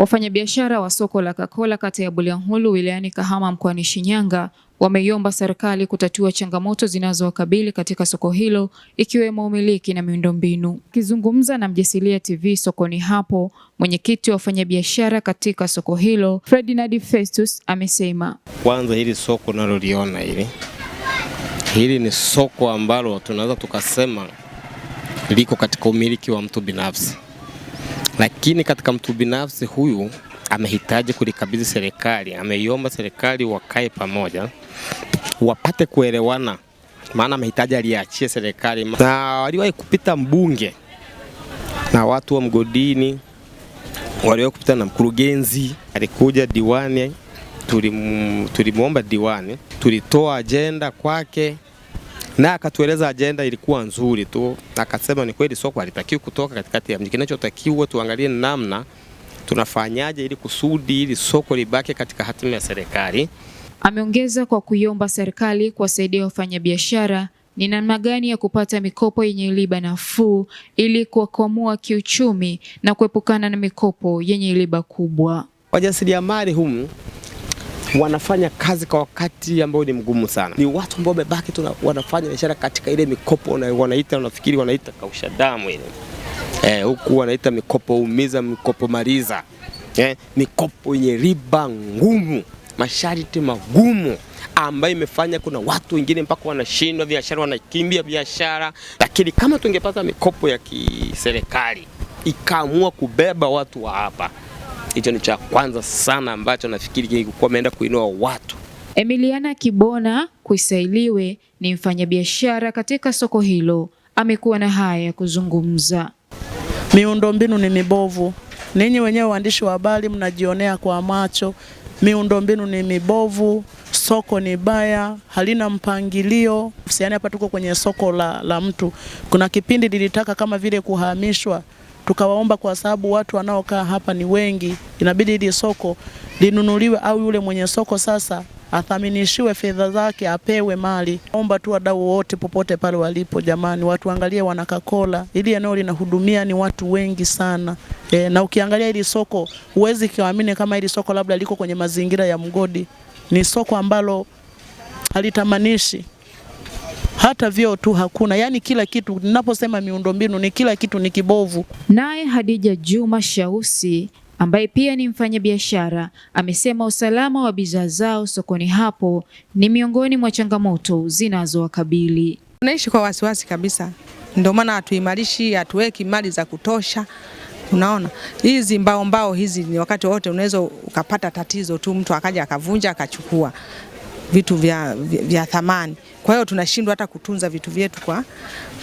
Wafanyabiashara wa soko la Kakola kata ya Bulyanhulu wilayani Kahama mkoani Shinyanga wameiomba serikali kutatua changamoto zinazowakabili katika soko hilo ikiwemo umiliki na miundombinu. Akizungumza na Mjasilia TV sokoni hapo, mwenyekiti wa wafanyabiashara katika soko hilo Fredinard Festus amesema, kwanza hili soko unaloliona hili hili ni soko ambalo tunaweza tukasema liko katika umiliki wa mtu binafsi lakini katika mtu binafsi huyu amehitaji kulikabidhi serikali, ameiomba serikali wakae pamoja, wapate kuelewana, maana amehitaji aliachie serikali. Na waliwahi kupita mbunge na watu wa mgodini, waliwahi kupita na mkurugenzi, alikuja diwani, tulimwomba diwani, tulitoa ajenda kwake naye akatueleza ajenda ilikuwa nzuri tu, akasema ni kweli soko halitakiwi kutoka katikati ya mji, kinachotakiwa tuangalie namna tunafanyaje ili kusudi ili soko libaki katika hatima ya serikali. Ameongeza kwa kuiomba serikali kuwasaidia wafanyabiashara ni namna gani ya kupata mikopo yenye riba nafuu ili kuwakwamua kiuchumi na kuepukana na mikopo yenye riba kubwa. Wajasiriamali humu wanafanya kazi kwa wakati ambao ni mgumu sana. Ni watu ambao wamebaki tu wanafanya biashara katika ile mikopo na wanaita, wanafikiri wanaita kausha damu ile eh, huku wanaita mikopo umiza, mikopo maliza eh, mikopo yenye riba ngumu, masharti magumu ambayo imefanya kuna watu wengine mpaka wanashindwa biashara, wanakimbia biashara. Lakini kama tungepata mikopo ya kiserikali ikaamua kubeba watu wa hapa hicho ni cha kwanza sana ambacho nafikiri kilikuwa ameenda kuinua watu. Emiliana Kibona Kuisailiwe ni mfanyabiashara katika soko hilo, amekuwa na haya ya kuzungumza. Miundombinu ni mibovu, ninyi wenyewe waandishi wa habari mnajionea kwa macho. Miundombinu ni mibovu, soko ni baya, halina mpangilio. Yaani hapa tuko kwenye soko la, la mtu. Kuna kipindi lilitaka kama vile kuhamishwa tukawaomba, kwa sababu watu wanaokaa hapa ni wengi, inabidi hili soko linunuliwe au yule mwenye soko sasa athaminishiwe fedha zake, apewe mali. Omba tu wadau wote popote pale walipo, jamani, watu angalie wanakakola, ili eneo linahudumia ni watu wengi sana e, na ukiangalia hili soko huwezi kuamini kama hili soko labda liko kwenye mazingira ya mgodi. Ni soko ambalo halitamanishi hata vyoo tu hakuna, yaani kila kitu. Ninaposema miundombinu ni kila kitu ni kibovu. Naye Hadija Juma Shausi ambaye pia ni mfanyabiashara amesema usalama wa bidhaa zao sokoni hapo ni miongoni mwa changamoto zinazowakabili. Tunaishi kwa wasiwasi kabisa, ndio maana hatuimarishi, hatuweki mali za kutosha. Unaona hizi mbao mbao hizi, ni wakati wote unaweza ukapata tatizo tu, mtu akaja akavunja akachukua vitu vya, vya, vya thamani. Kwa hiyo tunashindwa hata kutunza vitu vyetu kwa,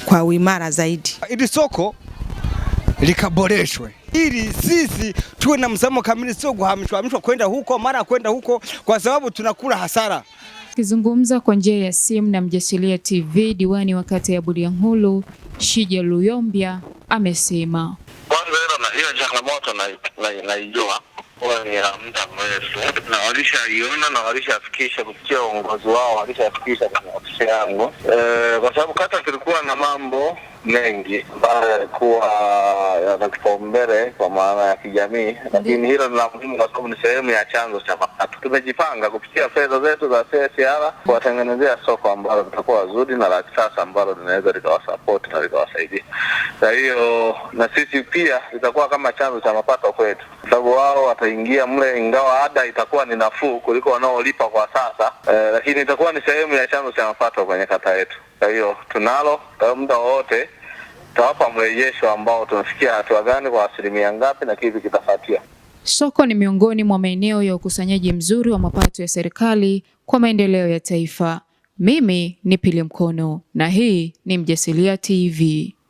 kwa uimara zaidi. Ili soko likaboreshwe ili sisi tuwe na msamo kamili, sio kuhamishwa hamishwa kwenda huko mara kwenda huko, kwa sababu tunakula hasara. Akizungumza kwa njia ya simu na Mjasilia TV, diwani wa kata ya Bulyanhulu Shija Luyombya amesema kwanza, hiyo changamoto naijua na, na, na ya muda mrefu na walishaiona na walishafikisha kupitia uongozi wao, walishafikisha kwenye ofisi yangu, eh, kwa sababu kata tulikuwa na mambo mengi ambayo yalikuwa yana kipaumbele kwa maana ya kijamii, lakini hilo ni la muhimu kwa sababu ni sehemu ya chanzo cha mapato. Tumejipanga kupitia fedha zetu za CSR kuwatengenezea soko ambalo litakuwa zuri na la kisasa ambalo linaweza likawasapoti na likawasaidia. Kwa hiyo na sisi pia litakuwa kama chanzo cha mapato kwetu, kwa sababu wao wataingia mle, ingawa ada itakuwa ni nafuu kuliko wanaolipa kwa sasa eh, lakini itakuwa ni sehemu ya chanzo cha mapato kwenye kata yetu. Kwa hiyo tunalo muda wowote tawapa mrejesho ambao tunafikia hatua gani kwa asilimia ngapi na kipi kitafuatia. Soko ni miongoni mwa maeneo ya ukusanyaji mzuri wa mapato ya serikali kwa maendeleo ya taifa. Mimi ni Pili Mkono na hii ni Mjasilia TV.